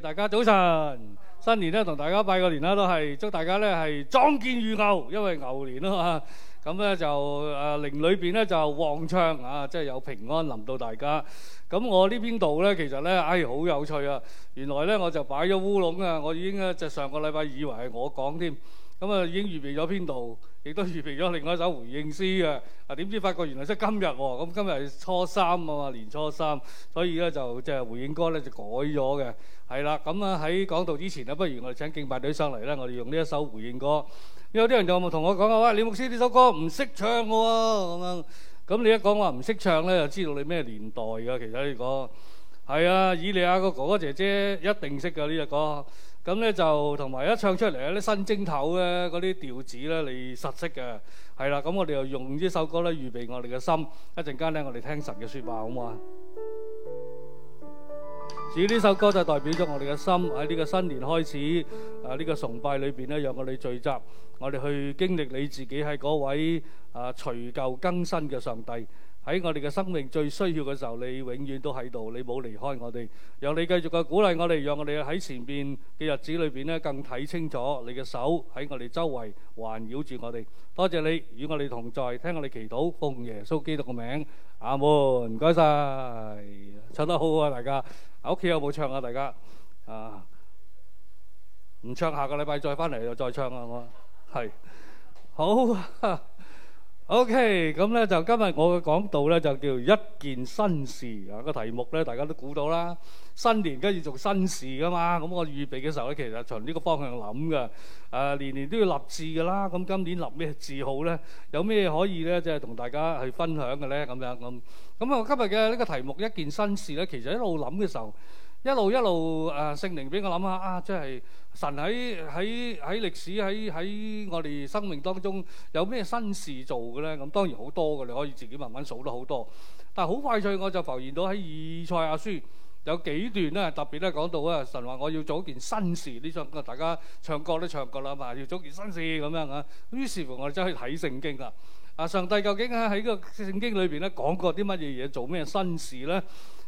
大家早晨，新年咧同大家拜個年啦，都係祝大家咧係壯健如牛，因為牛年啊嘛。咁咧就誒，靈裏邊咧就旺昌啊，即係有平安臨到大家。咁我呢邊度咧，其實咧哎好有趣啊！原來咧我就擺咗烏龍啊，我已經咧就上個禮拜以為係我講添，咁啊已經預備咗邊度，亦都預備咗另外一首回應詩嘅。啊，點知發覺原來即係今日咁，啊，今日係初三啊嘛，年初三，所以咧就即係回應歌咧就改咗嘅。係啦，咁啊喺講道之前咧，不如我哋請敬拜隊上嚟呢，我哋用呢一首回應歌。有啲人就冇同我講嘅話，喂，李牧師呢首歌唔識唱喎，咁樣。咁你一講我話唔識唱呢就知道你咩年代嘅。其實呢，呢個係啊，以你啊個哥哥姐姐一定識嘅呢隻歌。咁咧就同埋一唱出嚟咧，啲新正頭咧，嗰啲調子呢，你實識嘅。係啦，咁我哋就用呢首歌呢預備我哋嘅心。一陣間呢，我哋聽神嘅説話，好嘛？至於呢首歌就代表咗我哋嘅心喺呢個新年開始，啊、呃、呢、呢個崇拜裏面，咧，讓我哋聚集，我哋去經歷你自己係嗰位啊除舊更新嘅上帝。喺我哋嘅生命最需要嘅時候，你永遠都喺度，你冇離開我哋，讓你繼續嘅鼓勵我哋，讓我哋喺前面嘅日子裏邊呢，更睇清楚你嘅手喺我哋周圍環繞住我哋。多謝你與我哋同在，聽我哋祈禱，奉耶穌基督嘅名。阿門，唔該晒，唱得好啊，大家喺屋企有冇唱啊？大家啊，唔唱，下個禮拜再翻嚟就再唱啊！我係好。O.K. 咁咧就今日我嘅講道咧就叫一件新事啊，個題目咧大家都估到啦，新年梗係要做新事噶嘛。咁我預備嘅時候咧，其實從呢個方向諗嘅。誒年年都要立志噶啦，咁今年立咩志好咧？有咩可以咧，即係同大家去分享嘅咧？咁樣咁。咁啊我今日嘅呢個題目一件新事咧，其實一路諗嘅時候。一路一路誒聖靈俾我諗下啊，即係神喺喺喺歷史喺喺我哋生命當中有咩新事做嘅咧？咁、嗯、當然好多嘅，你可以自己慢慢數得好多。但係好快脆我就浮現到喺以賽亞書有幾段咧，特別咧講到啊，神話我要做一件新事。呢張大家唱歌都唱過啦嘛，要做件新事咁樣啊。於是乎我哋真係睇聖經啦。啊，上帝究竟喺個聖經裏邊咧講過啲乜嘢嘢，做咩新事咧？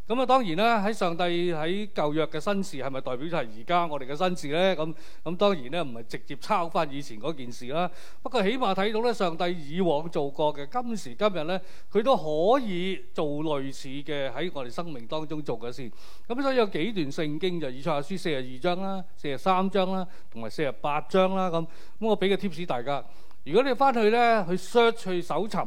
咁啊，當然啦，喺上帝喺舊約嘅新事係咪代表就係而家我哋嘅新事咧？咁咁當然咧，唔係直接抄翻以前嗰件事啦。不過起碼睇到咧，上帝以往做過嘅，今時今日咧，佢都可以做類似嘅喺我哋生命當中做嘅先。咁所以有幾段聖經就以賽亞書四十二章啦、四十三章啦、同埋四十八章啦咁。咁我俾個貼士大家，如果你翻去咧去 search 去搜尋。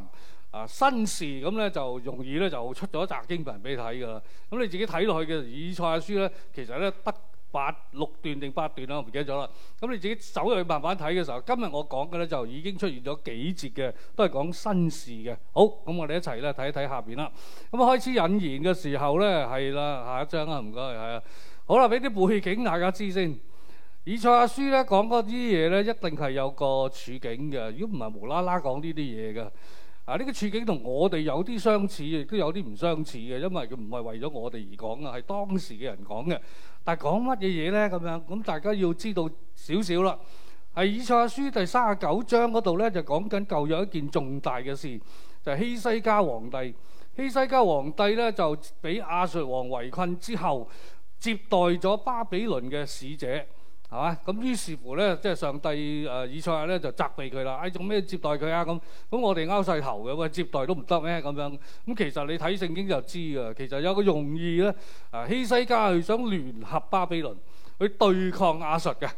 啊！新事咁咧就容易咧就出咗一集經文俾你睇噶啦。咁你自己睇落去嘅《以賽阿書》咧，其實咧得八六段定八段啦，啊，我唔記得咗啦。咁你自己走入去慢慢睇嘅時候，今日我講嘅咧就已經出現咗幾節嘅，都係講新事嘅。好，咁我哋一齊咧睇一睇下邊啦。咁啊，開始引言嘅時候咧，係啦，下一張啊，唔該係啊。好啦，俾啲背景大家知先。以《以賽亞書》咧講嗰啲嘢咧，一定係有個處境嘅，如果唔係無啦啦講呢啲嘢嘅。啊！呢、這個處境同我哋有啲相似，亦都有啲唔相似嘅，因為佢唔係為咗我哋而講啊，係當時嘅人講嘅。但係講乜嘢嘢呢？咁樣咁大家要知道少少啦。係、啊、以賽亞書第三十九章嗰度呢，就講緊舊有一件重大嘅事，就係、是、希西家皇帝。希西家皇帝呢，就俾亞述王圍困之後，接待咗巴比倫嘅使者。係嘛？咁、 嗯、於是乎咧，即係上帝誒、呃、以賽亞咧就責備佢啦。誒做咩接待佢啊？咁咁我哋拗曬頭嘅喎，接待都唔得咩？咁樣咁其實你睇聖經就知噶，其實有個用意咧。啊，希西家係想聯合巴比倫去對抗亞述嘅。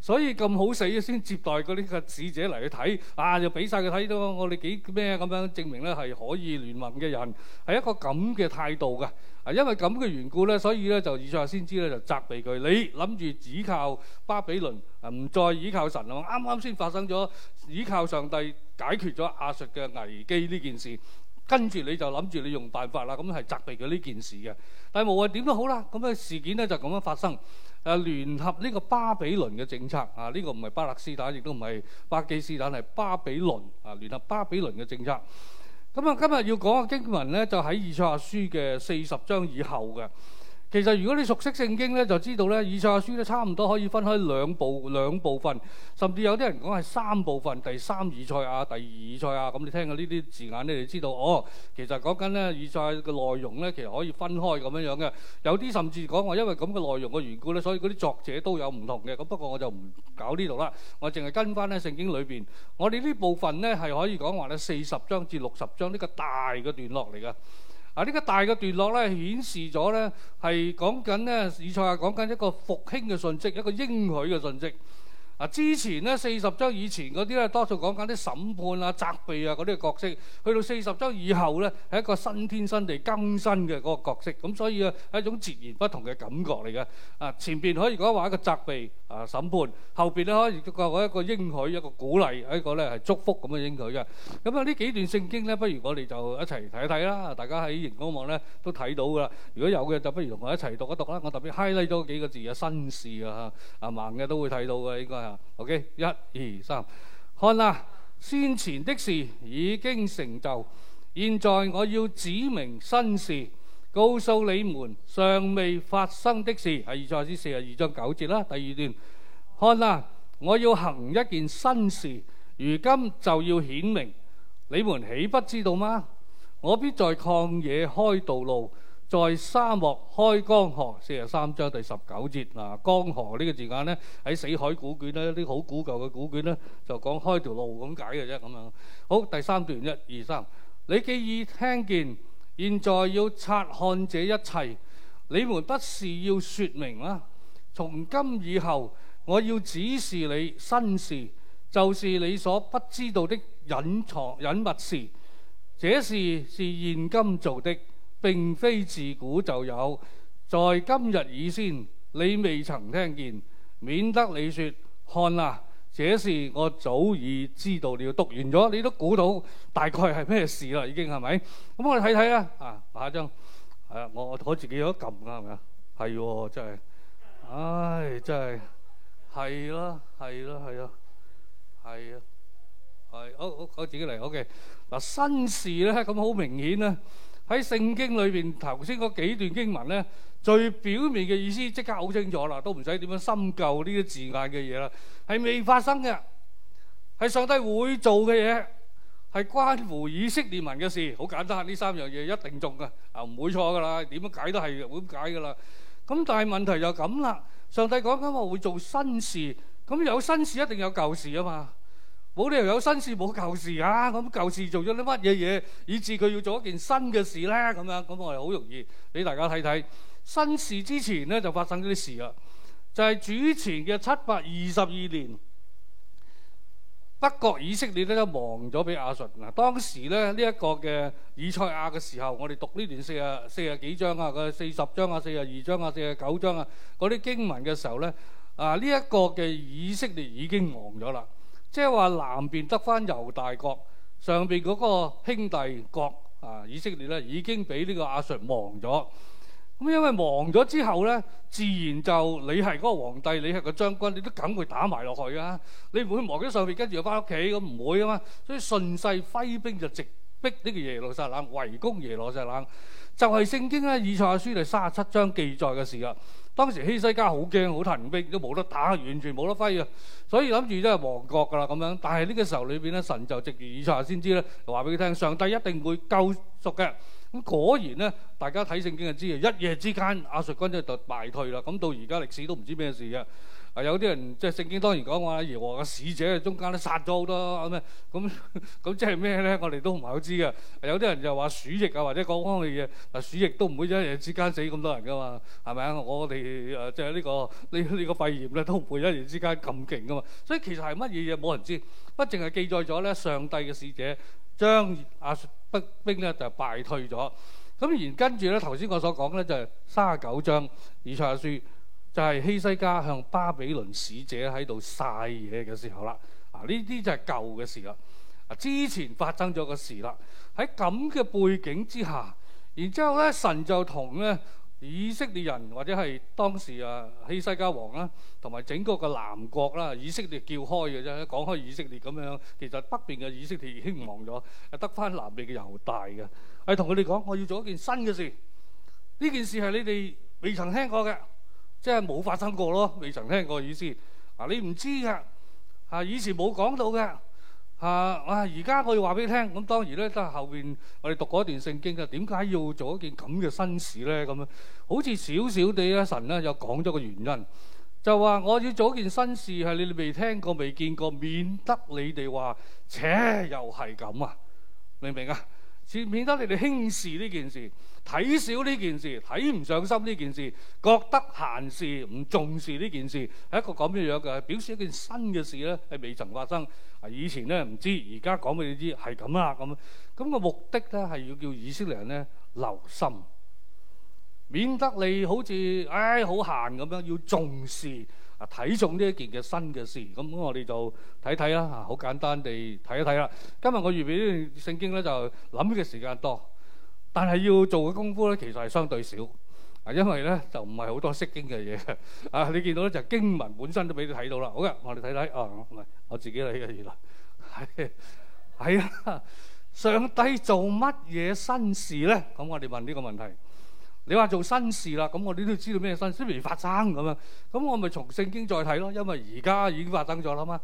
所以咁好死嘅先接待嗰啲嘅使者嚟去睇，啊就俾晒佢睇到我哋幾咩咁樣證明咧係可以聯盟嘅人，係一個咁嘅態度嘅。啊，因為咁嘅緣故咧，所以咧就以賽亞先知咧就責備佢，你諗住只靠巴比倫，唔再倚靠神啊！啱啱先發生咗依靠上帝解決咗亞述嘅危機呢件事，跟住你就諗住你用辦法啦，咁係責備佢呢件事嘅。但係無謂點都好啦，咁嘅事件咧就咁樣發生。誒、啊、聯合呢個巴比倫嘅政策啊，呢、這個唔係巴勒斯坦，亦都唔係巴基斯坦，係巴比倫啊，聯合巴比倫嘅政策。咁啊，今日要講嘅經文咧，就喺以賽亞書嘅四十章以後嘅。其實如果你熟悉聖經呢，就知道呢，以賽亞書呢，差唔多可以分開兩部兩部分，甚至有啲人講係三部分，第三以賽亞、第二以賽亞。咁你聽過呢啲字眼呢，你就知道哦。其實講緊呢，以賽嘅內容呢，其實可以分開咁樣樣嘅。有啲甚至講話，因為咁嘅內容嘅緣故呢，所以嗰啲作者都有唔同嘅。咁不過我就唔搞呢度啦，我淨係跟翻呢聖經裏邊，我哋呢部分呢，係可以講話呢四十章至六十章呢個大嘅段落嚟嘅。嗱，呢、啊，這個大嘅段落咧，顯示咗咧係講緊咧，以賽亞講緊一個復興嘅訊息，一個應許嘅訊息。嗱，之前呢，四十章以前嗰啲咧，多數講緊啲審判啊、責備啊嗰啲角色，去到四十章以後咧，係一個新天新地更新嘅嗰個角色，咁所以啊係一種截然不同嘅感覺嚟嘅。啊，前邊可以講話一個責備啊審判，後邊咧可以講一個應許、一個鼓勵、一個咧係祝福咁嘅應許嘅。咁啊，呢幾段聖經咧，不如我哋就一齊睇睇啦。大家喺熒光幕咧都睇到噶啦。如果有嘅就不如同我一齊讀一讀啦。我特別 highlight 咗幾個字啊，新事啊，啊盲嘅都會睇到嘅呢個。應該 o、okay, k 一二三，看啦、啊，先前的事已經成就，現在我要指明新事，告訴你們尚未發生的事，係《以賽亞書四十二章九節》啦，第二段，看啦、啊，我要行一件新事，如今就要顯明，你們豈不知道嗎？我必在曠野開道路。在沙漠開江河，四十三章第十九節嗱、呃，江河呢個字眼呢，喺死海古卷呢，啲好古舊嘅古卷呢，就講開條路咁解嘅啫咁樣。好，第三段一二三，1, 2, 3, 嗯、你既已聽見，現在要察看這一切，你們不是要説明嗎、啊？從今以後，我要指示你新事，就是你所不知道的隱藏隱密事，這事是現今做的。並非自古就有，在今日以先，你未曾聽見，免得你説：看啦、啊，這事我早已知道了。讀完咗，你都估到大概係咩事啦，已經係咪？咁我哋睇睇啦。啊，下一張係啊，我我自己有得撳㗎，係咪啊？係喎，真係，唉，真係係啦，係啦，係啦，係啊，係、啊啊啊啊啊啊。我我我自己嚟，OK。嗱、OK 啊，新事咧，咁好明顯咧。喺聖經裏邊頭先嗰幾段經文咧，最表面嘅意思即刻好清楚啦，都唔使點樣深究呢啲字眼嘅嘢啦。係未發生嘅，係上帝會做嘅嘢，係關乎以色列民嘅事，好簡單。呢三樣嘢一定中㗎，啊唔會錯噶啦。點樣解都係會咁解噶啦。咁但係問題就咁啦。上帝講緊話會做新事，咁有新事一定有舊事啊嘛。冇理由有新事冇舊事啊！咁舊事做咗啲乜嘢嘢，以致佢要做一件新嘅事咧？咁樣咁我哋好容易俾大家睇睇新事之前咧，就發生咗啲事啦，就係、是、主前嘅七百二十二年，北國以色列咧亡咗俾亞述嗱。當時咧呢一、這個嘅以賽亞嘅時候，我哋讀呢段四啊四啊幾章啊四十章啊四十二章啊四十九章啊嗰啲經文嘅時候咧，啊呢一、這個嘅以色列已經亡咗啦。即係話南邊得翻猶大國，上邊嗰個兄弟國啊，以色列咧已經俾呢個亞述亡咗。咁因為亡咗之後咧，自然就你係嗰個皇帝，你係個將軍，你都梗會打埋落去啊！你唔會亡咗上邊，跟住又翻屋企，咁唔會啊嘛。所以順勢揮兵就直逼呢個耶路撒冷，圍攻耶路撒冷。就係聖經咧，以賽亞書第三十七章記載嘅事啊！當時希西家好驚，好騰逼，都冇得打，完全冇得揮啊！所以諗住都係亡國㗎啦咁樣。但係呢個時候裏邊咧，神就藉住以賽亞先知咧，話俾佢聽，上帝一定會救贖嘅。咁果然咧，大家睇聖經就知嘅，一夜之間亞述軍就敗退啦。咁到而家歷史都唔知咩事嘅。有啲人即係聖經當然講話耶和華嘅使者中間都殺咗好多咁樣，咁咁、嗯嗯、即係咩咧？我哋都唔係好知嘅。有啲人就話鼠疫啊，或者各方嘅嘢。嗱鼠疫都唔會一日之間死咁多人噶嘛，係咪啊？我哋誒即係、這個、呢個呢呢個肺炎咧都唔會一夜之間咁勁噶嘛。所以其實係乜嘢嘢冇人知，不淨係記載咗咧上帝嘅使者將亞述北兵咧就是、敗退咗。咁然跟住咧頭先我所講咧就係三十九章以賽亞書。就係希西家向巴比倫使者喺度曬嘢嘅時候啦。啊，呢啲就係舊嘅事啦。啊，之前發生咗個事啦。喺咁嘅背景之下，然之後咧，神就同咧以色列人或者係當時啊希西家王啦，同埋整個個南國啦，以色列叫開嘅啫。講開以色列咁樣，其實北邊嘅以色列已經亡咗，得翻南邊嘅猶大嘅。係同佢哋講，我要做一件新嘅事。呢件事係你哋未曾聽過嘅。即係冇發生過咯，未曾聽過意思。嗱、啊，你唔知噶，啊以前冇講到嘅，啊而家、啊、我要話俾你聽。咁當然咧，都係後邊我哋讀過一段聖經啊。點解要做一件咁嘅新事咧？咁樣好似少少地咧，神咧又講咗個原因，就話我要做一件新事係你哋未聽過、未見過，免得你哋話，切又係咁啊？明唔明啊？只免得你哋輕視呢件事。睇少呢件事，睇唔上心呢件事，覺得閒事唔重視呢件事，係一個咁樣嘅，表示一件新嘅事咧，係未曾發生。啊，以前咧唔知，而家講俾你知係咁啦，咁咁、那個目的咧係要叫以色列人咧留心，免得你好似唉、哎、好閒咁樣，要重視啊，睇重呢一件嘅新嘅事。咁我哋就睇睇啦，啊好簡單地睇一睇啦。今日我預備呢段聖經咧，就諗嘅時間多。但係要做嘅功夫咧，其實係相對少，啊，因為咧就唔係好多識經嘅嘢，啊，你見到咧就係經文本身都俾你睇到啦。好嘅，我哋睇睇啊，唔係我自己嚟嘅原來，係係啊，上帝做乜嘢新事咧？咁我哋問呢個問題。你話做新事啦，咁我哋都知道咩新事未發生咁樣？咁我咪從聖經再睇咯，因為而家已經發生咗啦嘛。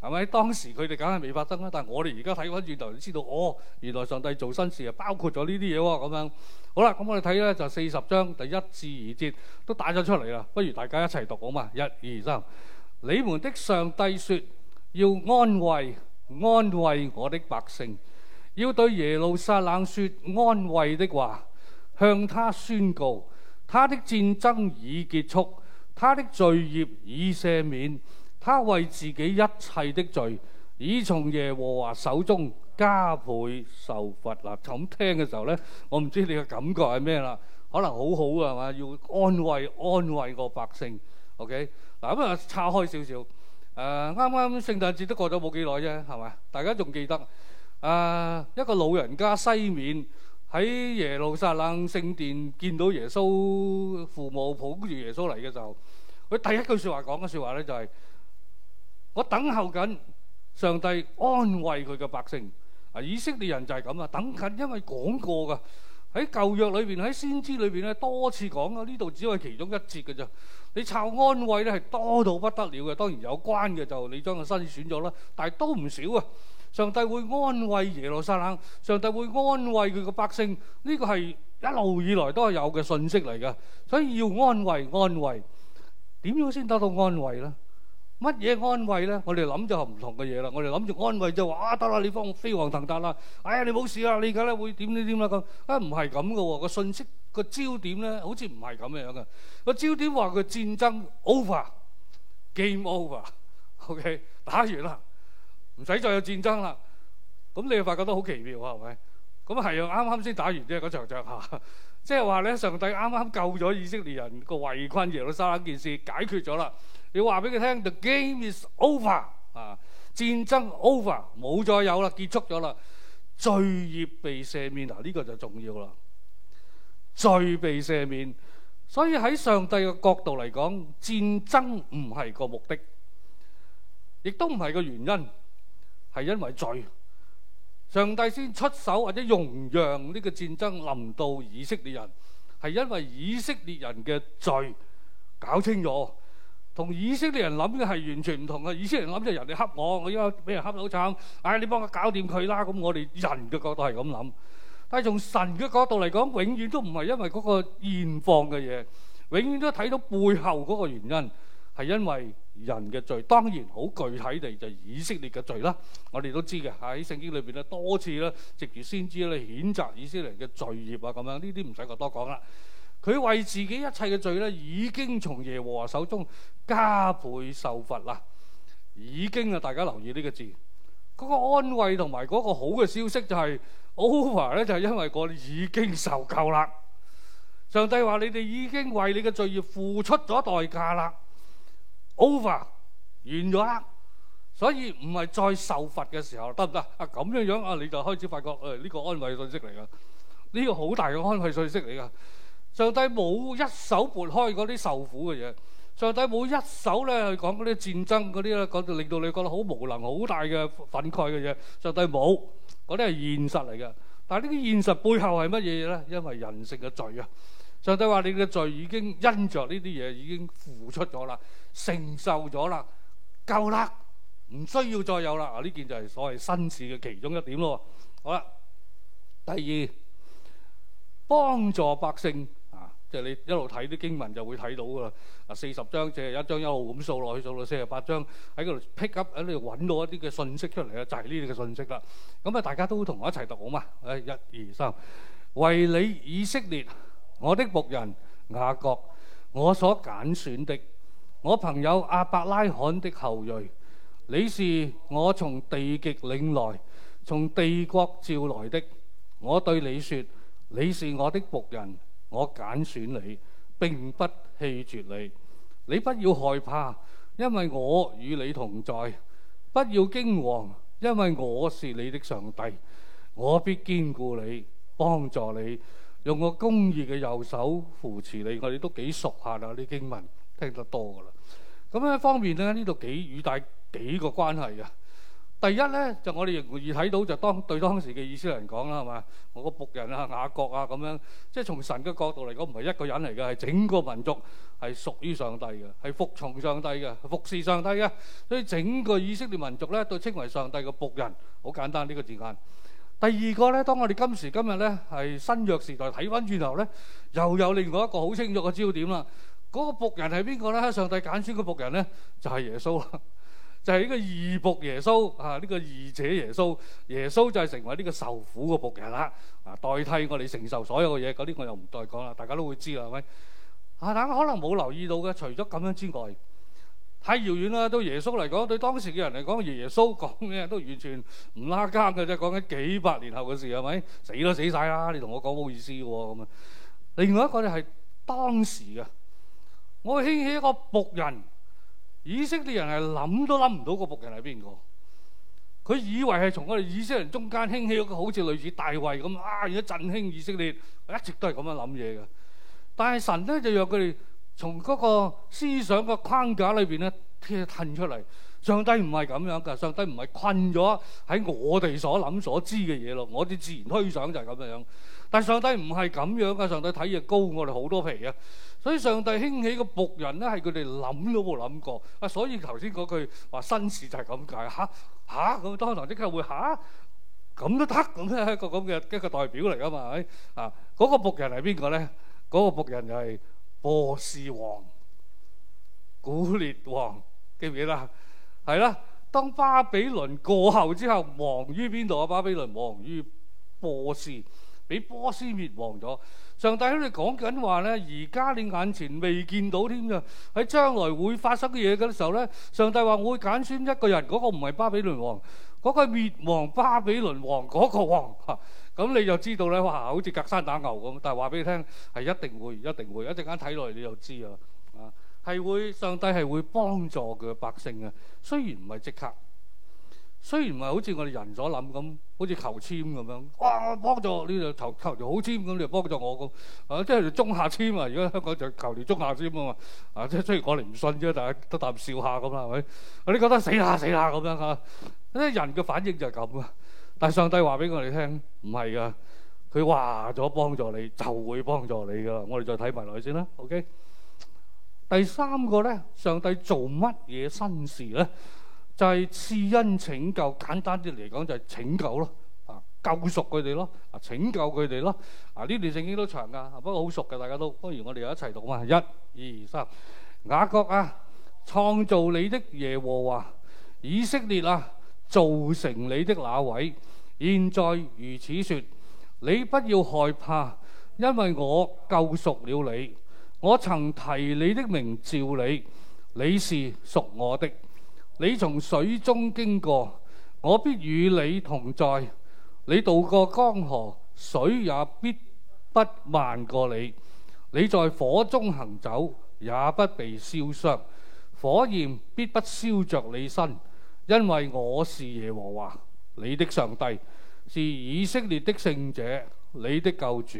係咪？當時佢哋梗係未發生啦，但係我哋而家睇翻轉頭，就知道哦，原來上帝做新事啊，包括咗呢啲嘢喎，咁樣。好啦，咁、嗯嗯、 我哋睇咧就四十章第一至二節都打咗出嚟啦，不如大家一齊讀好嘛？一、二、三， 你們的上帝說：要安慰，安慰我的百姓；要對耶路撒冷說安慰的話，向他宣告他的戰爭已結束，他的罪孽已赦免。他為自己一切的罪，已從耶和華手中加倍受罰。嗱，咁、啊、聽嘅時候咧，我唔知你嘅感覺係咩啦？可能好好啊嘛，要安慰安慰個百姓。OK 嗱，咁啊，岔開少少。誒、呃，啱啱聖誕節都過咗冇幾耐啫，係咪？大家仲記得誒、呃、一個老人家西面喺耶路撒冷聖殿見到耶穌父母抱住耶穌嚟嘅時候，佢第一句説話講嘅説話咧就係、是。我等候緊上帝安慰佢嘅百姓，啊以色列人就係咁啊，等緊，因為講過噶，喺舊約裏邊，喺先知裏邊咧多次講啊，呢度只係其中一節嘅咋，你抄安慰咧係多到不得了嘅，當然有關嘅就你將佢篩選咗啦，但係都唔少啊。上帝會安慰耶路撒冷，上帝會安慰佢嘅百姓，呢個係一路以來都係有嘅訊息嚟噶，所以要安慰安慰，點樣先得到安慰咧？乜嘢安慰咧？我哋諗就係唔同嘅嘢啦。我哋諗住安慰就話啊，得啦，你放飛黃騰達啦。哎呀，你冇事啦，你而家咧會點咧點啦咁。啊，唔係咁噶喎。個信息個焦點咧，好似唔係咁樣噶。個焦點話個戰爭 over，game over，OK、okay? 打完啦，唔使再有戰爭啦。咁你又發覺都好奇妙啊？係咪？咁係啊，啱啱先打完啫，嗰場仗吓。即係話咧，上帝啱啱救咗以色列人個圍困耶路撒冷件事解決咗啦。你話俾佢聽，the game is over 啊，戰爭 over，冇再有啦，結束咗啦。罪孽被赦免，嗱，呢個就重要啦。罪被赦免，所以喺上帝嘅角度嚟講，戰爭唔係個目的，亦都唔係個原因，係因為罪，上帝先出手或者容讓呢個戰爭臨到以色列人，係因為以色列人嘅罪，搞清楚。同以色列人諗嘅係完全唔同嘅，以色列人諗就人哋恰我，我依家俾人恰到慘，唉、哎！你幫我搞掂佢啦，咁我哋人嘅角度係咁諗。但係從神嘅角度嚟講，永遠都唔係因為嗰個現況嘅嘢，永遠都睇到背後嗰個原因係因為人嘅罪。當然好具體地就以色列嘅罪啦，我哋都知嘅喺聖經裏邊咧多次啦，藉住先知咧譴責以色列人嘅罪孽啊，咁樣呢啲唔使我多講啦。佢為自己一切嘅罪咧，已經從耶和華手中加倍受罰啦。已經啊，大家留意呢個字。嗰、嗰個安慰同埋嗰個好嘅消息就係、是、 over 咧，就係因為我已經受救啦。上帝話你哋已經為你嘅罪孽付出咗代價啦，over 完咗啦。所以唔係再受罰嘅時候，得唔得啊？咁樣樣啊，你就開始發覺誒，呢、哎呢個安慰信息嚟噶，呢、呢個好大嘅安慰信息嚟噶。上帝冇一手撥開嗰啲受苦嘅嘢，上帝冇一手咧去講嗰啲戰爭嗰啲咧，令到你覺得好無能、好大嘅憤慨嘅嘢。上帝冇，嗰啲係現實嚟嘅。但係呢啲現實背後係乜嘢咧？因為人性嘅罪啊！上帝話：你嘅罪已經因着呢啲嘢已經付出咗啦，承受咗啦，夠啦，唔需要再有啦啊！呢件就係所謂新事嘅其中一點咯。好啦，第二，幫助百姓。就係你一路睇啲經文就會睇到噶啦。嗱，四十章即係一章一路咁數落去，數到四十八章喺嗰度 pick up 喺呢度揾到一啲嘅信息出嚟啊，就係呢啲嘅信息啦。咁、嗯、啊，大家都同我一齊讀好嘛？一、二、三，為你以色列，我的僕人雅各，我所揀選的，我朋友亞伯拉罕的後裔，你是我從地極領來，從地國召來的。我對你説，你是我的僕人。我揀選你，並不棄絕你。你不要害怕，因為我與你同在。不要驚惶，因為我是你的上帝。我必堅固你，幫助你，用我公義嘅右手扶持你。我哋都幾熟下啦，呢經文聽得多噶啦。咁咧一方面咧，呢度幾與帶幾個關係嘅。第一呢，就，我哋容易睇到就當對當時嘅以色列人講啦，係嘛？我個僕人啊，雅各啊咁樣，即係從神嘅角度嚟講，唔係一個人嚟嘅，係整個民族係屬於上帝嘅，係服從上帝嘅，服侍上帝嘅。所以整個以色列民族呢，都稱為上帝嘅僕人。好簡單呢、這個字眼。第二個呢，當我哋今時今日呢，係新約時代睇翻轉頭呢，又有另外一個好清楚嘅焦點啦。嗰、那個僕人係邊個呢？上帝揀選嘅僕人呢，就係、是、耶穌啦。.就係呢個義僕耶穌啊！呢個義者耶穌，耶穌就係成為呢個受苦嘅僕人啦。啊，代替我哋承受所有嘅嘢，嗰啲我又唔再講啦，大家都會知啦，係咪？啊，大家可能冇留意到嘅，除咗咁樣之外，太遙遠啦，對耶穌嚟講，對當時嘅人嚟講，耶穌講嘅都完全唔拉更嘅啫。講緊幾百年後嘅事，係咪？死都死曬啦，你同我講冇意思喎咁啊！另外一個就係當時嘅，我興起一個僕人。以色列人係諗都諗唔到嗰僕人係邊個，佢以為係從我哋以色列人中間興起一個好似類似大衛咁啊，而家振興以色列，一直都係咁樣諗嘢嘅。但係神咧就讓佢哋從嗰個思想嘅框架裏邊咧褪出嚟。上帝唔係咁樣噶，上帝唔係困咗喺我哋所諗所知嘅嘢咯，我哋自然推想就係咁樣。但係上帝唔係咁樣噶，上帝睇嘢高我哋好多皮啊！所以上帝興起個僕人咧，係佢哋諗都冇諗過啊！所以頭先嗰句話新事就係咁解，嚇嚇咁，當堂即刻會嚇咁都得咁咧，一個咁嘅一個代表嚟噶嘛？啊，嗰個僕人係邊個咧？嗰、嗰個僕人就係波斯王古列王，記唔記得？係啦，當巴比倫過後之後，亡於邊度啊？巴比倫亡於波斯。俾波斯滅亡咗，上帝喺度講緊話咧，而家你眼前未見到添㗎，喺將來會發生嘅嘢嘅時候咧，上帝話會揀選一個人，嗰個唔係巴比倫王，嗰個滅亡巴比倫王嗰個王嚇，咁你就知道咧，哇，好似隔山打牛咁，但係話俾你聽係一定會，一定會，一陣間睇落嚟你就知啊，啊，係會上帝係會幫助佢嘅百姓嘅，雖然唔係即刻。雖然唔係好似我哋人所諗咁，好似求簽咁樣哇！我幫咗你就求求，求好簽咁，你又幫助我咁啊！即係中下籤啊！而家香港就求條中下籤啊嘛啊！即係雖然我哋唔信啫，但係都談笑下咁啦，係咪？你覺得死下死下咁樣吓，即係人嘅反應就係咁啊！但係上帝話俾我哋聽唔係噶，佢話咗幫助你就會幫助你噶。我哋再睇埋落去先啦。OK，第三個咧，上帝做乜嘢新事咧？就係施恩拯救，簡單啲嚟講就係拯救咯，啊救贖佢哋咯，啊拯救佢哋咯，啊呢段聖經都長㗎，不過好熟嘅，大家都不如我哋又一齊讀嘛，一、二、三，雅各啊，創造你的耶和華，以色列啊，造成你的那位，現在如此説，你不要害怕，因為我救贖了你，我曾提你的名召你，你是屬我的。你從水中經過，我必與你同在；你渡過江河，水也必不漫過你。你在火中行走，也不被燒傷，火焰必不燒着你身，因為我是耶和華你的上帝，是以色列的聖者，你的救主。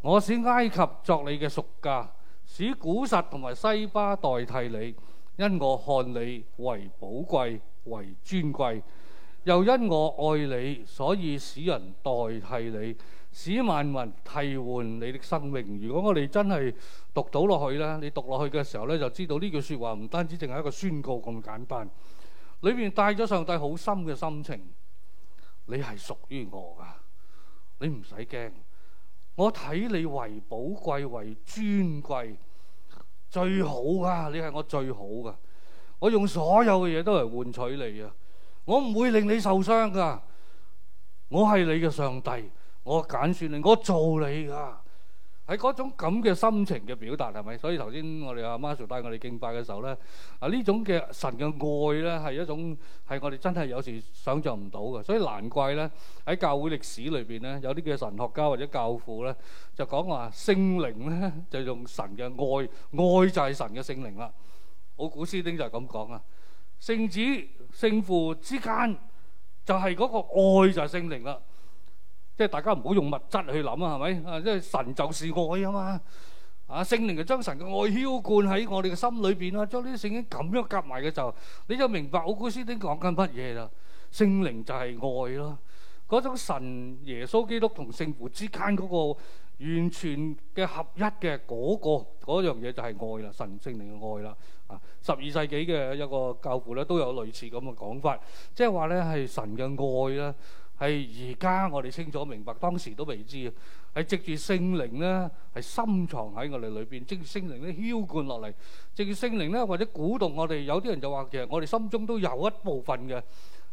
我使埃及作你嘅贖價，使古實同埋西巴代替你。因我看你為寶貴為尊貴，又因我愛你，所以使人代替你，使萬民替換你的生命。如果我哋真係讀到落去咧，你讀落去嘅時候咧，就知道呢句說話唔單止淨係一個宣告咁簡單，裏面帶咗上帝好深嘅心情。你係屬於我噶，你唔使驚，我睇你為寶貴為尊貴。最好噶，你係我最好噶，我用所有嘅嘢都嚟換取你啊！我唔會令你受傷噶，我係你嘅上帝，我揀算你，我做你噶。喺嗰種咁嘅心情嘅表達係咪？所以頭先我哋阿 master 帶我哋敬拜嘅時候咧，啊呢種嘅神嘅愛咧係一種係我哋真係有時想像唔到嘅，所以難怪咧喺教會歷史裏邊咧，有啲嘅神學家或者教父咧，就講話聖靈咧就用神嘅愛，愛就係神嘅聖靈啦。奧古斯丁就係咁講啊，聖子聖父之間就係嗰個愛就係聖靈啦。即係大家唔好用物質去諗啊，係咪？啊，即係神就是愛啊嘛！啊，聖靈就將神嘅愛澆灌喺我哋嘅心裏邊啊，將呢啲聖經咁樣夾埋嘅時候，你就明白奧古斯丁講緊乜嘢啦。聖靈就係愛咯，嗰種神耶穌基督同聖父之間嗰個完全嘅合一嘅嗰、嗰個嗰樣嘢就係愛啦，神聖靈嘅愛啦。啊，十二世紀嘅一個教父咧都有類似咁嘅講法，即係話咧係神嘅愛啦。係而家我哋清楚明白，當時都未知嘅。係藉住聖靈呢，係深藏喺我哋裏邊。藉住聖靈咧，飄灌落嚟。藉住聖靈呢，或者鼓動我哋。有啲人就話，其實我哋心中都有一部分嘅，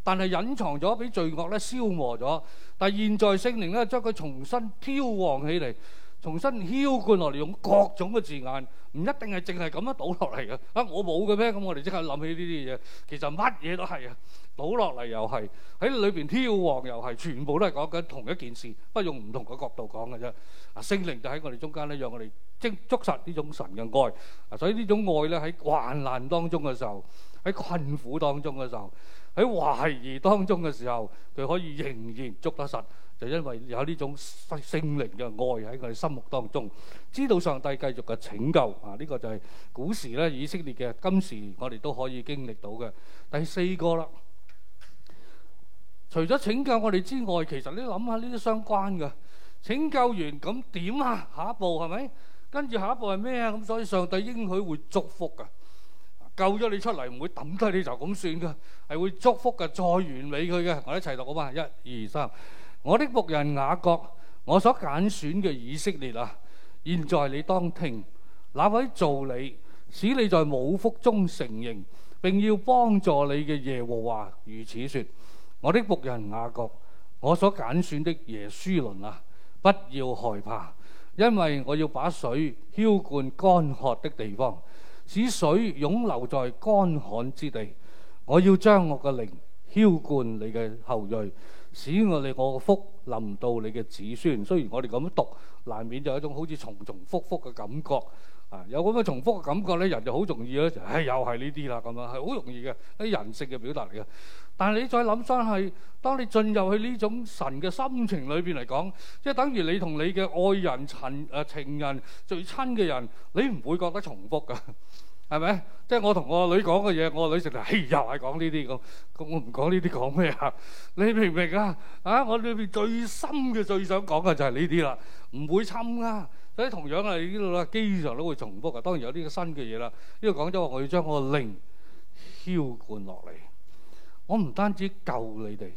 但係隱藏咗，俾罪惡咧消磨咗。但係現在聖靈呢，將佢重新飄旺起嚟。重新澆灌落嚟，用各種嘅字眼，唔一定係淨係咁樣倒落嚟嘅。啊，我冇嘅咩？咁我哋即刻諗起呢啲嘢。其實乜嘢都係啊，倒落嚟又係，喺裏邊澆灌又係，全部都係講緊同一件事，不過用唔同嘅角度講嘅啫。聖靈就喺我哋中間咧，讓我哋即捉實呢種神嘅愛。所以呢種愛咧，喺患難當中嘅時候，喺困苦當中嘅時候，喺懷疑當中嘅時候，佢可以仍然捉得實。就因為有呢種聖靈嘅愛喺佢哋心目當中，知道上帝繼續嘅拯救啊！呢個就係古時咧以色列嘅，今時我哋都可以經歷到嘅。第四個啦，除咗拯救我哋之外，其實你諗下呢啲相關嘅拯救完咁點啊？下一步係咪跟住下一步係咩啊？咁所以上帝應許會祝福嘅，救咗你出嚟唔會抌低你就咁算嘅，係會祝福嘅，再完美佢嘅。我一齊讀好嘛？一、二、三。我的僕人雅各，我所揀選嘅以色列啊，現在你當聽，那位造你，使你在母腹中成形，並要幫助你嘅耶和華如此說：我的僕人雅各，我所揀選，選的耶書倫啊，不要害怕，因為我要把水澆灌乾渴的地方，使水湧流在乾旱之地。我要將我嘅靈。澆灌你嘅後裔，使我哋我嘅福臨到你嘅子孫。雖然我哋咁樣讀，難免就有一種好似重重覆覆嘅感覺。啊，有咁嘅重複嘅感覺咧，人就好容易咧就係、是哎、又係呢啲啦咁樣，係好容易嘅啲人性嘅表達嚟嘅。但係你再諗返係，當你進入去呢種神嘅心情裏邊嚟講，即係等於你同你嘅愛人、陳誒情人最親嘅人，你唔會覺得重複㗎。係咪？即係、就是，我同我女講嘅嘢，我阿女成日，又係，講呢啲咁，咁我唔講呢啲，講咩啊？你明唔明啊？啊，我裏邊最深嘅最想講嘅就係呢啲啦，唔會侵啦。所以同樣啊，呢度啦，經常都會重複。當然有呢個新嘅嘢啦。呢個講咗話，我要將我靈澆灌落嚟。我唔單止救你哋，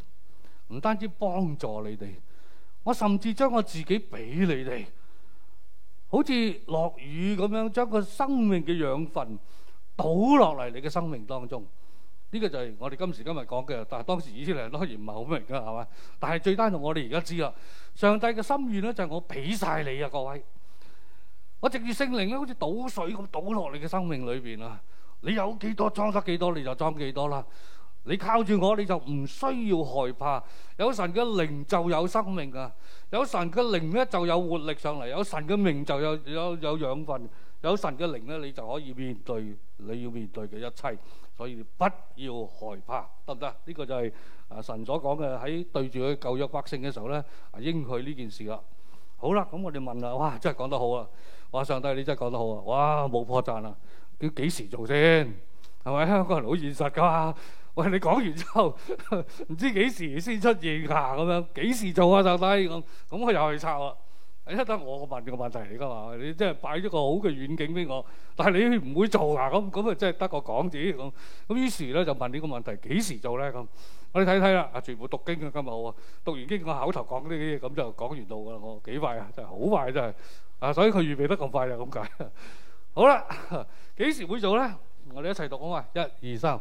唔單止幫助你哋，我甚至將我自己俾你哋。好似落雨咁樣，將個生命嘅養分倒落嚟你嘅生命當中，呢個就係我哋今時今日講嘅，但係當時以色列當然唔係好明噶，係嘛？但係最單同我哋而家知啦，上帝嘅心願咧就係我俾晒你啊，各位，我藉著聖靈咧好似倒水咁倒落你嘅生命裏邊啦，你有幾多裝得幾多你就裝幾多啦。你靠住我，你就唔需要害怕。有神嘅靈就有生命啊！有神嘅靈咧就有活力上嚟，有神嘅命，就有有有養分，有神嘅靈咧你就可以面對你要面對嘅一切。所以不要害怕，得唔得？呢、這個就係、是、啊神所講嘅喺對住佢舊約百姓嘅時候咧應佢呢件事啦。好啦，咁、嗯、我哋問啦，哇，真係講得好啊！哇，上帝你真係講得好啊！哇，冇破綻啊！要幾時做先？係咪香港人好現實噶、啊？喂你講完之後，唔知幾時先出現㗎？咁樣幾時做啊？特低咁咁，我又去抄啦。係得我問你個問題嚟㗎嘛？你即係擺咗個好嘅遠景俾我，但係你唔會做啊？咁咁啊，真係得個講字咁。咁於是咧就問你個問題：幾時做咧？咁我哋睇睇啦。啊，全部讀經嘅今日好啊！讀完經我口頭講呢啲嘢，咁就講完到㗎啦。我幾快啊！真係好快真係啊！所以佢預備得咁快就咁解好啦。幾時會做咧？我哋一齊讀啊！一、二、三。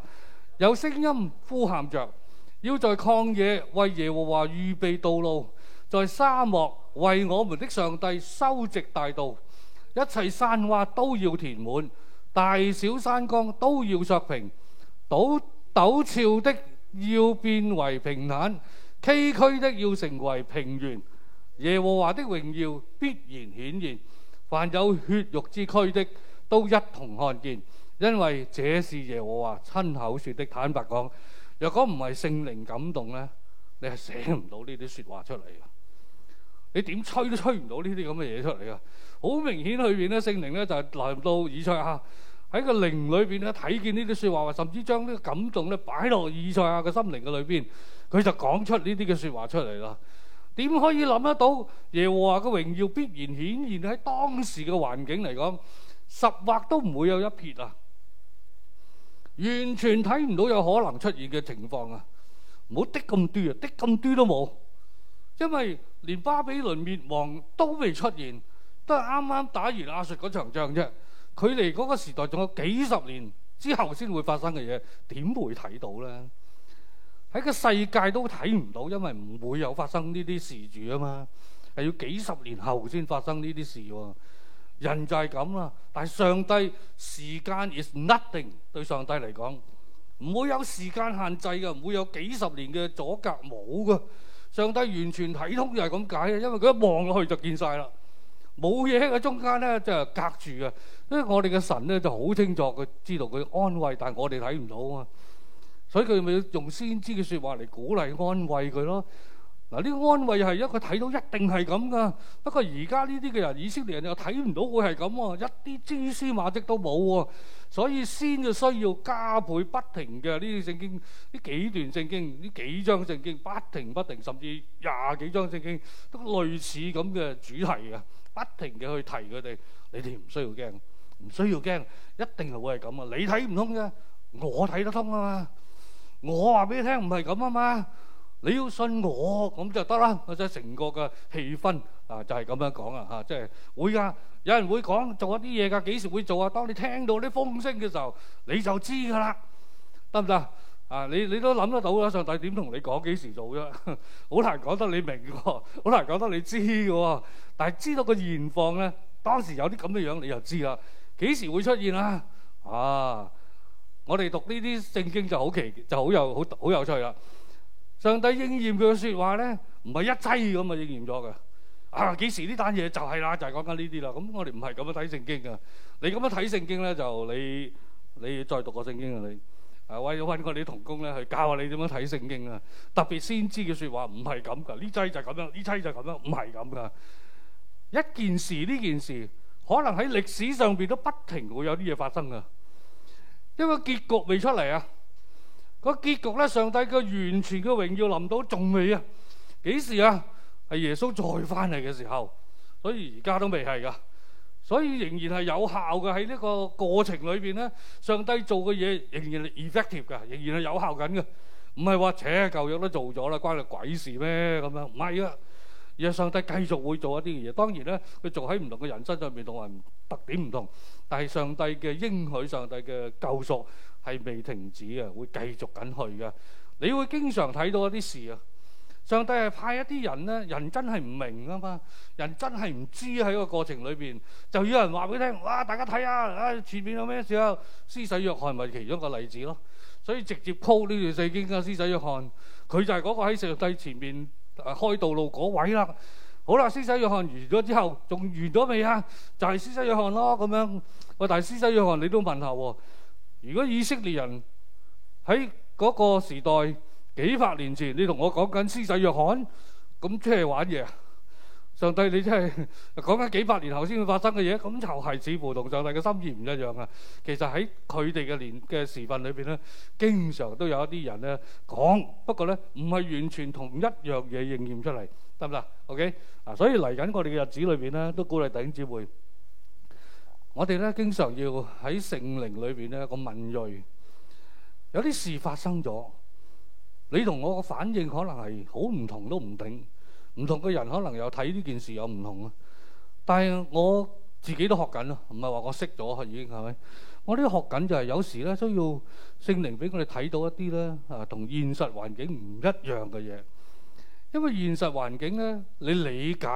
有聲音呼喊着：「要在曠野為耶和華預備道路，在沙漠為我們的上帝修直大道。一切山窪都要填滿，大小山崗都要削平，陡陡峭的要變為平坦，崎嶇的要成為平原。耶和華的榮耀必然顯現，凡有血肉之軀的都一同看見。」因為這是耶和華親口說的，坦白講，若果唔係聖靈感動咧，你係寫唔到呢啲說話出嚟嘅。你點吹都吹唔到呢啲咁嘅嘢出嚟嘅。好明顯裏邊咧，聖靈咧就係來到以賽亞，喺個靈裏邊咧睇見呢啲說話，甚至將呢個感動咧擺落以賽亞嘅心靈嘅裏邊，佢就講出呢啲嘅說話出嚟啦。點可以諗得到耶和華嘅榮耀必然顯現？喺當時嘅環境嚟講，十劃都唔會有一撇啊！完全睇唔到有可能出現嘅情況啊！唔好啲咁多啊，啲咁多都冇，因為連巴比倫滅亡都未出現，都係啱啱打完亞述嗰場仗啫。距離嗰個時代仲有幾十年之後先會發生嘅嘢，點會睇到咧。喺個世界都睇唔到，因為唔會有發生呢啲事主啊嘛，係要幾十年後先發生呢啲事喎、啊。人就係咁啦，但係上帝時間 is nothing，對上帝嚟講，唔會有時間限制嘅，唔會有幾十年嘅阻隔冇嘅。上帝完全睇通就係咁解嘅，因為佢一望落去就見晒啦，冇嘢喺中間咧就係隔住嘅。因為我哋嘅神咧就好清楚佢知道佢安慰，但係我哋睇唔到啊嘛，所以佢咪用先知嘅説話嚟鼓勵安慰佢咯。嗱，呢個安慰係一個睇到一定係咁噶。不過而家呢啲嘅人，以色列人又睇唔到會係咁喎，一啲蛛絲馬跡都冇喎。所以先至需要加倍，不停嘅呢啲聖經，呢幾段聖經，呢幾章聖經，不停不停，甚至廿幾章聖經都類似咁嘅主題嘅，不停嘅去提佢哋。你哋唔需要驚，唔需要驚，一定係會係咁啊！你睇唔通嘅，我睇得通啊嘛。我話俾你聽，唔係咁啊嘛。你要信我咁就得啦，即係成個嘅氣氛就樣啊，就係咁樣講啊，吓即係會噶，有人會講做一啲嘢噶，幾時會做啊？當你聽到啲風聲嘅時候，你就知噶啦，得唔得啊？你你都諗得到啦，上帝點同你講幾時做啫？好 難講得你明噶，好難講得你知噶，但係知道個現況咧，當時有啲咁嘅樣，你就知啦。幾時會出現啊？啊，我哋讀呢啲聖經就好奇，就好有好好有趣啦。上帝應驗佢嘅説話咧，唔係一劑咁啊應驗咗嘅。啊，幾時呢單嘢就係啦，就係、是、講緊呢啲啦。咁、嗯、我哋唔係咁樣睇聖經嘅。你咁樣睇聖經咧，就你你再讀個聖經你啊，個你啊，揾揾過啲同工咧去教下你點樣睇聖經啊。特別先知嘅説話唔係咁噶，呢劑就係咁樣，呢劑就係咁樣，唔係咁噶。一件事呢件事，可能喺歷史上邊都不停會有啲嘢發生噶，因為結局未出嚟啊。個結局咧，上帝嘅完全嘅榮耀臨到仲未啊？幾時啊？係耶穌再翻嚟嘅時候，所以而家都未係噶，所以仍然係有效嘅喺呢個過程裏邊咧，上帝做嘅嘢仍然係 effective 噶，仍然係有效緊嘅，唔係話扯舊約都做咗啦，關你鬼事咩咁樣？唔係啊，而係上帝繼續會做一啲嘢。當然咧，佢做喺唔同嘅人身上面同埋特點唔同，但係上帝嘅應許，上帝嘅救贖。係未停止嘅，會繼續緊去嘅。你會經常睇到一啲事啊！上帝係派一啲人咧，人真係唔明啊嘛，人真係唔知喺個過程裏邊，就有人話俾你聽。哇！大家睇下，啊前面有咩事啊？施洗約翰咪其中一個例子咯。所以直接鋪呢段世經啊，施洗約翰，佢就係嗰個喺上帝前邊開道路嗰位啦。好啦，施洗約翰完咗之後，仲完咗未啊？就係施洗約翰咯。咁樣喂，但係施洗約翰你都問下喎。如果以色列人喺嗰個時代幾百年前，你同我講緊施洗約翰，咁真係玩嘢啊！上帝你真係講緊幾百年後先會發生嘅嘢，咁就係似乎同上帝嘅心意唔一樣啊！其實喺佢哋嘅年嘅時份裏邊咧，經常都有一啲人咧講，不過咧唔係完全同一樣嘢應驗出嚟，得唔得？OK 啊，所以嚟緊我哋嘅日子裏邊咧，都鼓勵弟兄姊妹。我哋咧經常要喺聖靈裏邊咧個敏鋭，有啲事發生咗，你同我個反應可能係好唔同都唔定，唔同嘅人可能有睇呢件事有唔同啊。但係我自己都學緊咯，唔係話我識咗係已經係咪？我呢學緊就係有時咧需要聖靈俾我哋睇到一啲咧啊，同現實環境唔一樣嘅嘢，因為現實環境咧你理解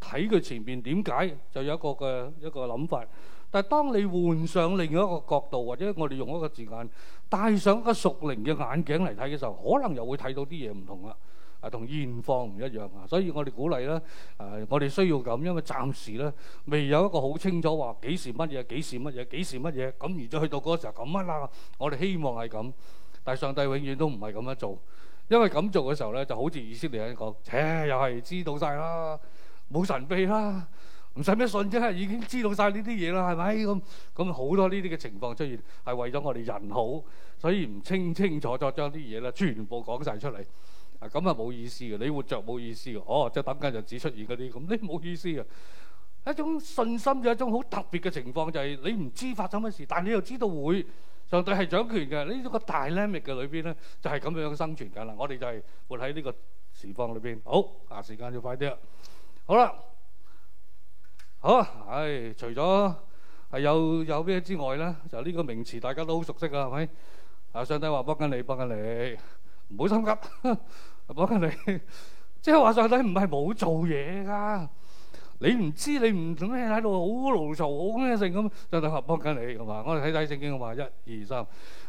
睇佢前面點解就有一個嘅一個諗法。但係當你換上另一個角度，或者我哋用一個字眼，戴上個熟齡嘅眼鏡嚟睇嘅時候，可能又會睇到啲嘢唔同啦，啊同現況唔一樣啊。所以我哋鼓勵啦，誒，我哋需要咁，因為暫時咧未有一個好清楚話幾時乜嘢，幾時乜嘢，幾時乜嘢，咁而再去到嗰時候咁乜啦。我哋希望係咁，但係上帝永遠都唔係咁樣做，因為咁做嘅時候咧，就好似以色列人講，誒，又係知道曬啦，冇神秘啦。唔使咩信啫，已經知道晒呢啲嘢啦，係咪咁？咁好多呢啲嘅情況出現，係為咗我哋人好，所以唔清清楚楚將啲嘢咧全部講晒出嚟，啊咁啊冇意思嘅，你活着冇意思嘅，哦，即係等緊就只出現嗰啲咁，你冇意思嘅，一種信心，一種好特別嘅情況就係你唔知發生乜事，但係你又知道會上帝係掌權嘅，呢種個 dynamic 嘅裏邊咧就係咁樣樣生存㗎啦。我哋就係活喺呢個時況裏邊。好啊，時間要快啲啦。好啦。好，唉、哎，除咗係有有咩之外咧，就呢個名詞大家都好熟悉啊，係咪？啊，上帝話幫緊你，幫緊你，唔好心急，幫緊你， 你。即係話上帝唔係冇做嘢噶，你唔知你唔咩喺度好勞嘈好咩性咁，上帝話幫緊你，係嘛？我哋睇睇聖經嘅話，一二三，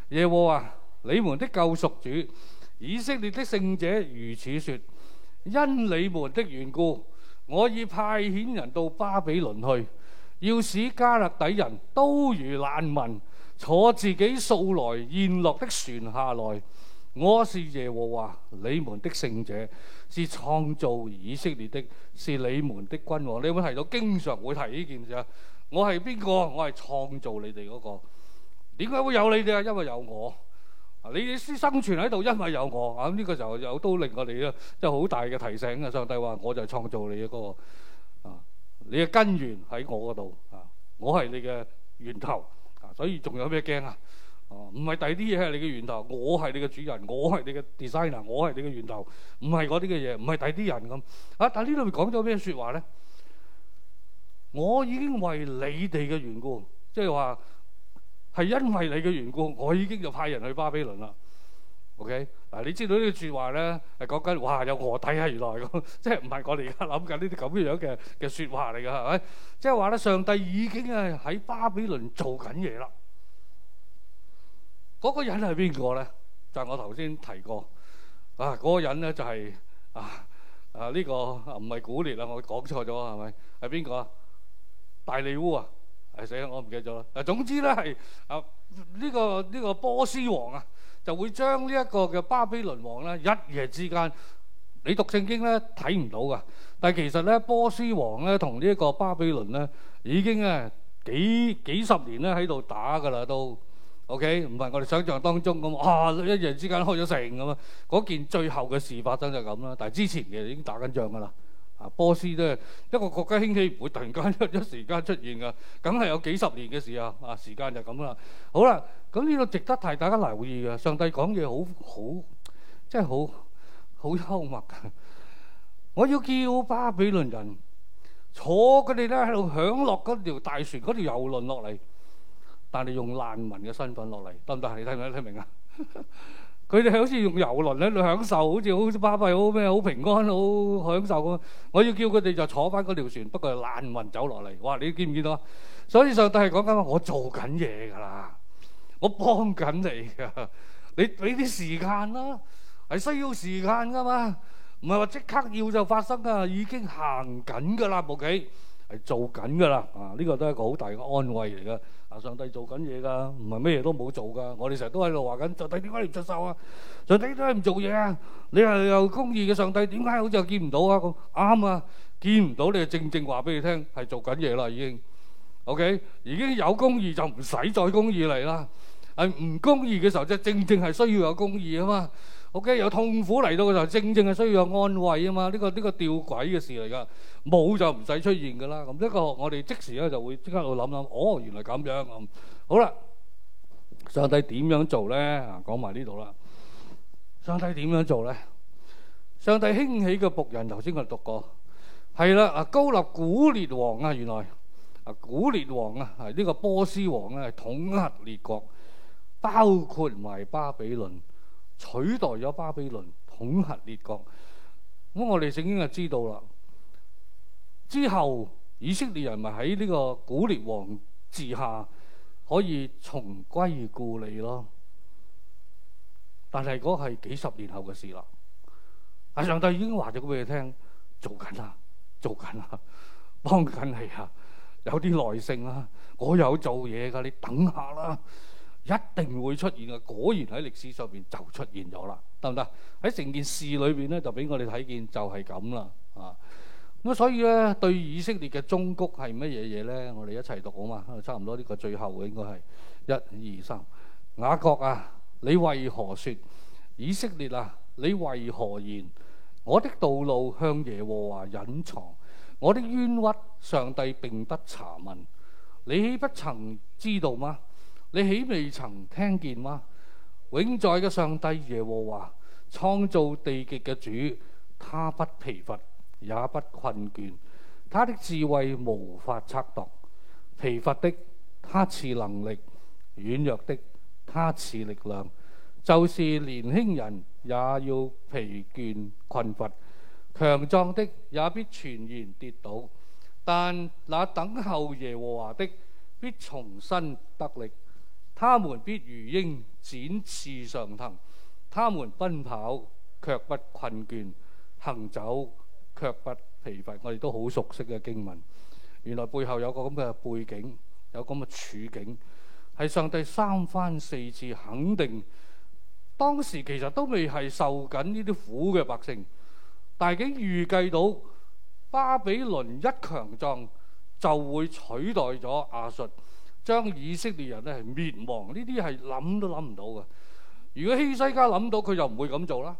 耶和華、啊、你們的救贖主以色列的聖者如此說：因你們的緣故。我已派遣人到巴比倫去，要使迦勒底人都如難民，坐自己素來宴落的船下來。我是耶和華你們的聖者，是創造以色列的，是你們的君王。你有冇提到？經常會提呢件事啊！我係邊個？我係創造你哋嗰個？點解會有你哋啊？因為有我。你哋生存喺度，因為有我啊！呢、這個時候又都令我哋咧，即係好大嘅提醒啊！上帝話：我就係創造你嘅哥、那個、啊！你嘅根源喺我嗰度啊！我係你嘅源頭啊！所以仲有咩驚啊？哦，唔係第啲嘢係你嘅源頭，我係你嘅主人，我係你嘅 designer，我係你嘅源頭，唔係嗰啲嘅嘢，唔係第啲人咁啊！但呢度講咗咩説話咧？我已經為你哋嘅緣故，即係話。係因為你嘅緣故，我已經就派人去巴比倫啦。OK，嗱、啊，你知道說呢句話咧，係講緊哇有臥底啊，原來咁，即係唔係我哋而家諗緊呢啲咁樣嘅嘅說話嚟㗎？係咪？即係話咧，上帝已經係喺巴比倫做緊嘢啦。嗰、那個人係邊個咧？就是、我頭先提過啊，嗰、那個人咧就係、是、啊啊呢、這個唔係、啊、古列啦，我講錯咗係咪？係邊個啊？大利烏啊！係死啦！我唔記得咗啦。啊，總之咧係啊，呢個呢個波斯王啊，就會將呢一個嘅巴比倫王咧一夜之間，你讀聖經咧睇唔到噶。但係其實咧，波斯王咧同呢一個巴比倫咧已經啊幾幾十年咧喺度打㗎啦都。OK，唔係我哋想象當中咁。哇、啊！一夜之間開咗成咁啊！嗰件最後嘅事發生就咁啦。但係之前嘅已經打緊仗㗎啦。波斯都係一個國家興起唔會突然間一時間出現噶，梗係有幾十年嘅事啊！啊，時間就咁啦。好啦，咁呢度值得提大家留意啊！上帝講嘢好好，真係好好幽默。我要叫巴比倫人坐佢哋咧喺度享樂嗰條大船嗰條郵輪落嚟，但係用難民嘅身份落嚟得唔得？你聽唔聽明啊？ 佢哋係好似用遊輪喺度享受，好似好巴閉，好咩，好平安，好享受。我要叫佢哋就坐翻嗰條船，不過係爛運走落嚟。哇！你見唔見到？所以上帝係講緊話，我做緊嘢㗎啦，我幫緊你㗎。你俾啲時間啦、啊，係需要時間㗎嘛，唔係話即刻要就發生㗎，已經行緊㗎啦，冇計。係做緊噶啦啊！呢個都係一個好大嘅安慰嚟㗎啊！上帝做緊嘢㗎，唔係乜嘢都冇做㗎。我哋成日都喺度話緊，上帝點解唔出手啊？上帝點解唔做嘢啊？你係有公義嘅上帝，點解好似又見唔到啊？啱啊，見唔到你就正正話俾你聽，係做緊嘢啦已經。OK，已經有公義就唔使再公義嚟啦。係唔公義嘅時候，即係正正係需要有公義啊嘛。O.K. 有痛苦嚟到嘅時候，正正係需要有安慰啊嘛！呢個呢個吊詭嘅事嚟噶，冇就唔使出現噶啦。咁呢個我哋即時咧就會即刻度諗諗，哦，原來咁樣咁。好啦，上帝點樣做咧？啊，講埋呢度啦。上帝點樣做咧？上帝興起嘅僕人，頭先我讀過，係啦啊，高立古列王啊，原來啊古列王啊，係呢個波斯王咧，係統轄列國，包括埋巴比倫。取代咗巴比倫，統合列國。咁我哋聖經就知道啦。之後以色列人咪喺呢個古列王治下，可以重歸故里咯。但係嗰係幾十年後嘅事啦。阿上帝已經話咗俾佢聽，做緊啦，做緊啦，幫緊你啊，有啲耐性啦。我有做嘢噶，你等下啦。一定會出現嘅，果然喺歷史上邊就出現咗啦，得唔得？喺成件事裏邊呢，就俾我哋睇見就係咁啦啊！咁所以呢，對以色列嘅忠谷係乜嘢嘢呢？我哋一齊讀啊嘛，差唔多呢個最後嘅應該係一二三。雅各啊，你為何説以色列啊？你為何言我的道路向耶和華隱藏，我的冤屈上帝並不查問？你不曾知道嗎？你豈未曾聽見嗎？永在嘅上帝耶和華，創造地極嘅主，他不疲乏也不困倦，他的智慧無法測度。疲乏的他賜能力，軟弱的他賜力量。就是年輕人也要疲倦困乏，強壯的也必全然跌倒。但那等候耶和華的，必重新得力。他們必如鷹展翅上騰，他們奔跑卻不困倦，行走卻不疲乏。我哋都好熟悉嘅經文，原來背後有個咁嘅背景，有咁嘅處境，係上帝三番四次肯定。當時其實都未係受緊呢啲苦嘅百姓，但係已經預計到巴比倫一強壯就會取代咗亞述。將以色列人呢係滅亡，呢啲係諗都諗唔到嘅。如果希西家諗到，佢就唔會咁做啦，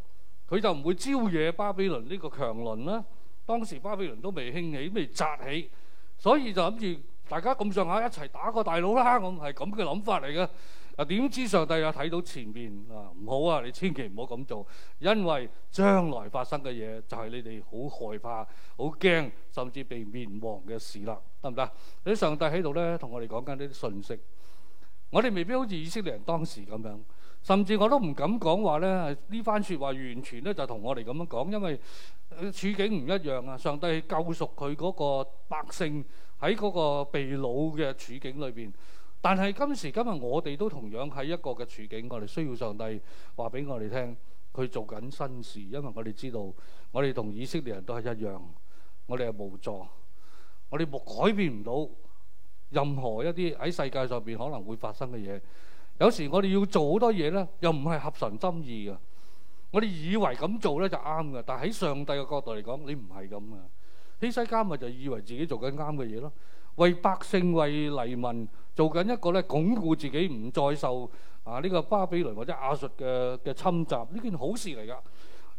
佢就唔會招惹巴比倫呢個強鄰啦。當時巴比倫都未興起，都未紮起，所以就諗住大家咁上下一齊打個大佬啦，咁係咁嘅諗法嚟嘅。嗱，點知上帝又睇到前面，啊？唔好啊！你千祈唔好咁做，因為將來發生嘅嘢就係你哋好害怕、好驚，甚至被滅亡嘅事啦，得唔得？你上帝喺度咧，同我哋講緊呢啲信息。我哋未必好似以色列人當時咁樣，甚至我都唔敢講話咧。呢番説話完全咧就同我哋咁樣講，因為處境唔一樣啊。上帝救贖佢嗰個百姓喺嗰個被擄嘅處境裏邊。但係今時今日，我哋都同樣喺一個嘅處境，我哋需要上帝話俾我哋聽，佢做緊新事。因為我哋知道，我哋同以色列人都係一樣，我哋係無助，我哋改變唔到任何一啲喺世界上邊可能會發生嘅嘢。有時我哋要做好多嘢咧，又唔係合神心意嘅。我哋以為咁做呢就啱嘅，但係喺上帝嘅角度嚟講，你唔係咁嘅。希西家咪就以為自己做緊啱嘅嘢咯。為百姓，為黎民做緊一個咧，鞏固自己，唔再受啊呢個巴比倫或者亞述嘅嘅侵襲，呢件好事嚟噶。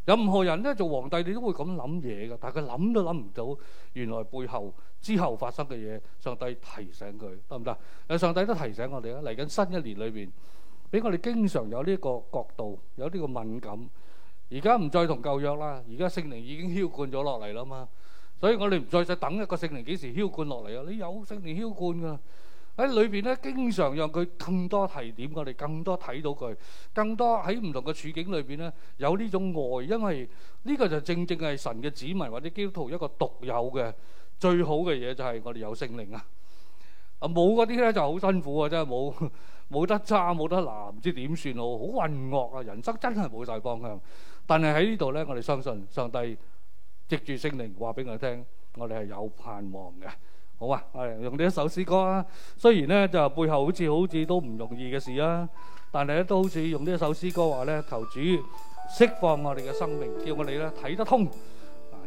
任何人咧做皇帝，你都會咁諗嘢噶，但係佢諗都諗唔到，原來背後之後發生嘅嘢。上帝提醒佢，得唔得？誒，上帝都提醒我哋啦，嚟緊新一年裏邊，俾我哋經常有呢個角度，有呢個敏感。而家唔再同舊約啦，而家聖靈已經澆灌咗落嚟啦嘛。所以我哋唔再再等一個聖靈幾時轟灌落嚟啊！你有聖靈轟灌噶，喺裏邊咧，經常讓佢更多提點我哋，更多睇到佢，更多喺唔同嘅處境裏邊咧，有呢種愛、呃。因為呢個就正正係神嘅子民或者基督徒一個獨有嘅最好嘅嘢，就係我哋有聖靈啊！啊，冇嗰啲咧就好辛苦啊！真係冇冇得揸，冇得拿，唔知點算好，好混噩啊！人生真係冇晒方向。但係喺呢度咧，我哋相信上帝。藉住聖靈話俾我哋聽，我哋係有盼望嘅。好啊，我哋用呢一首詩歌啊。雖然咧就背後好似好似都唔容易嘅事啊，但係咧都好似用詩呢一首詩歌話咧，求主釋放我哋嘅生命，叫我哋咧睇得通啊。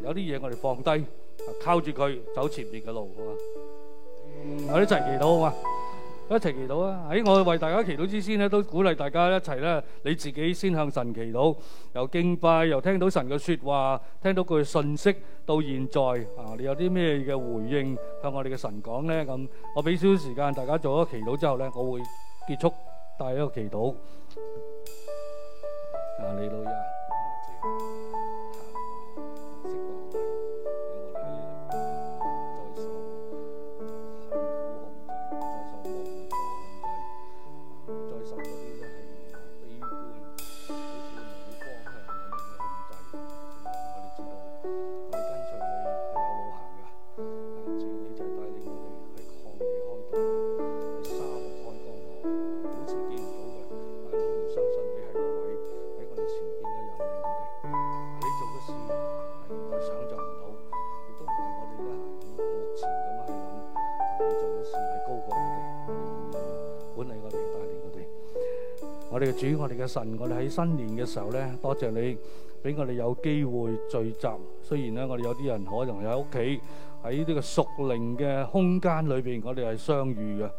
有啲嘢我哋放低，靠住佢走前面嘅路啊、嗯。我哋一齊祈禱啊！好一齊祈禱啊！喺我為大家祈禱之先咧，都鼓勵大家一齊咧，你自己先向神祈禱，又敬拜，又聽到神嘅説話，聽到佢嘅信息，到現在啊，你有啲咩嘅回應向我哋嘅神講咧？咁我俾少少時間大家做咗祈禱之後咧，我會結束大家個祈禱。啊，李老爺。主我哋嘅神，我哋喺新年嘅時候咧，多謝你俾我哋有機會聚集。雖然咧，我哋有啲人可能喺屋企，喺呢個屬靈嘅空間裏邊，我哋係相遇嘅。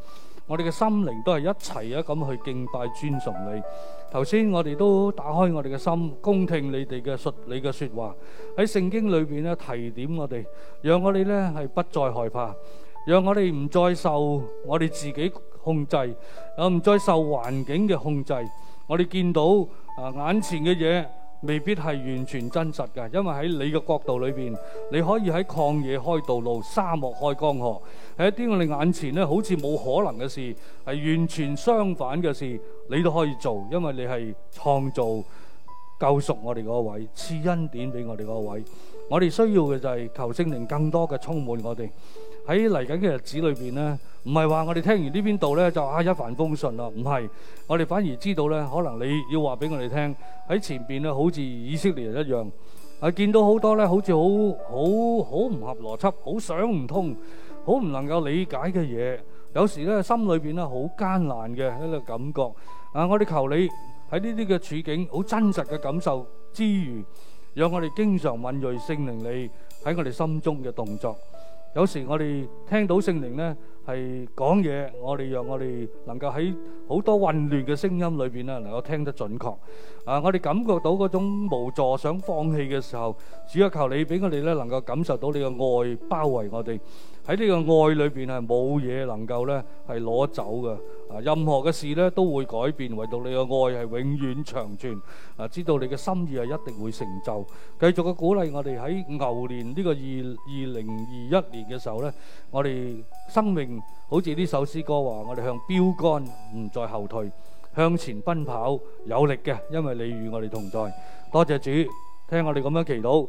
我哋嘅心靈都係一齊啊，咁去敬拜尊崇你。頭先我哋都打開我哋嘅心，恭聽你哋嘅說，你嘅說話喺聖經裏邊咧提點我哋，讓我哋咧係不再害怕，讓我哋唔再受我哋自己控制，又唔再受環境嘅控制。我哋見到啊、呃、眼前嘅嘢未必係完全真實嘅，因為喺你嘅角度裏邊，你可以喺曠野開道路、沙漠開江河，喺一啲我哋眼前呢，好似冇可能嘅事，係完全相反嘅事，你都可以做，因為你係創造救贖我哋嗰位，賜恩典俾我哋嗰位。我哋需要嘅就係求聖靈更多嘅充滿我哋。喺嚟緊嘅日子裏邊咧，唔係話我哋聽完呢邊度咧就啊一帆風順啦，唔係，我哋反而知道咧，可能你要話俾我哋聽，喺前邊咧好似以色列人一樣，啊見到好多咧好似好好好唔合邏輯，好想唔通，好唔能夠理解嘅嘢，有時咧心裏邊咧好艱難嘅一個感覺，啊我哋求你喺呢啲嘅處境好真實嘅感受之餘，讓我哋經常敏鋭聖靈你喺我哋心中嘅動作。有時我哋聽到聖靈呢係講嘢，我哋讓我哋能夠喺好多混亂嘅聲音裏邊啊，能夠聽得準確。啊，我哋感覺到嗰種無助、想放棄嘅時候，主啊，求你俾我哋呢能夠感受到你嘅愛，包圍我哋。喺呢個愛裏邊係冇嘢能夠咧係攞走嘅啊！任何嘅事咧都會改變，唯獨你嘅愛係永遠長存啊！知道你嘅心意係一定會成就。繼續嘅鼓勵我哋喺牛年呢個二二零二一年嘅時候咧，我哋生命好似呢首詩歌話：我哋向標竿唔再後退，向前奔跑有力嘅，因為你與我哋同在。多謝主，聽我哋咁樣祈禱。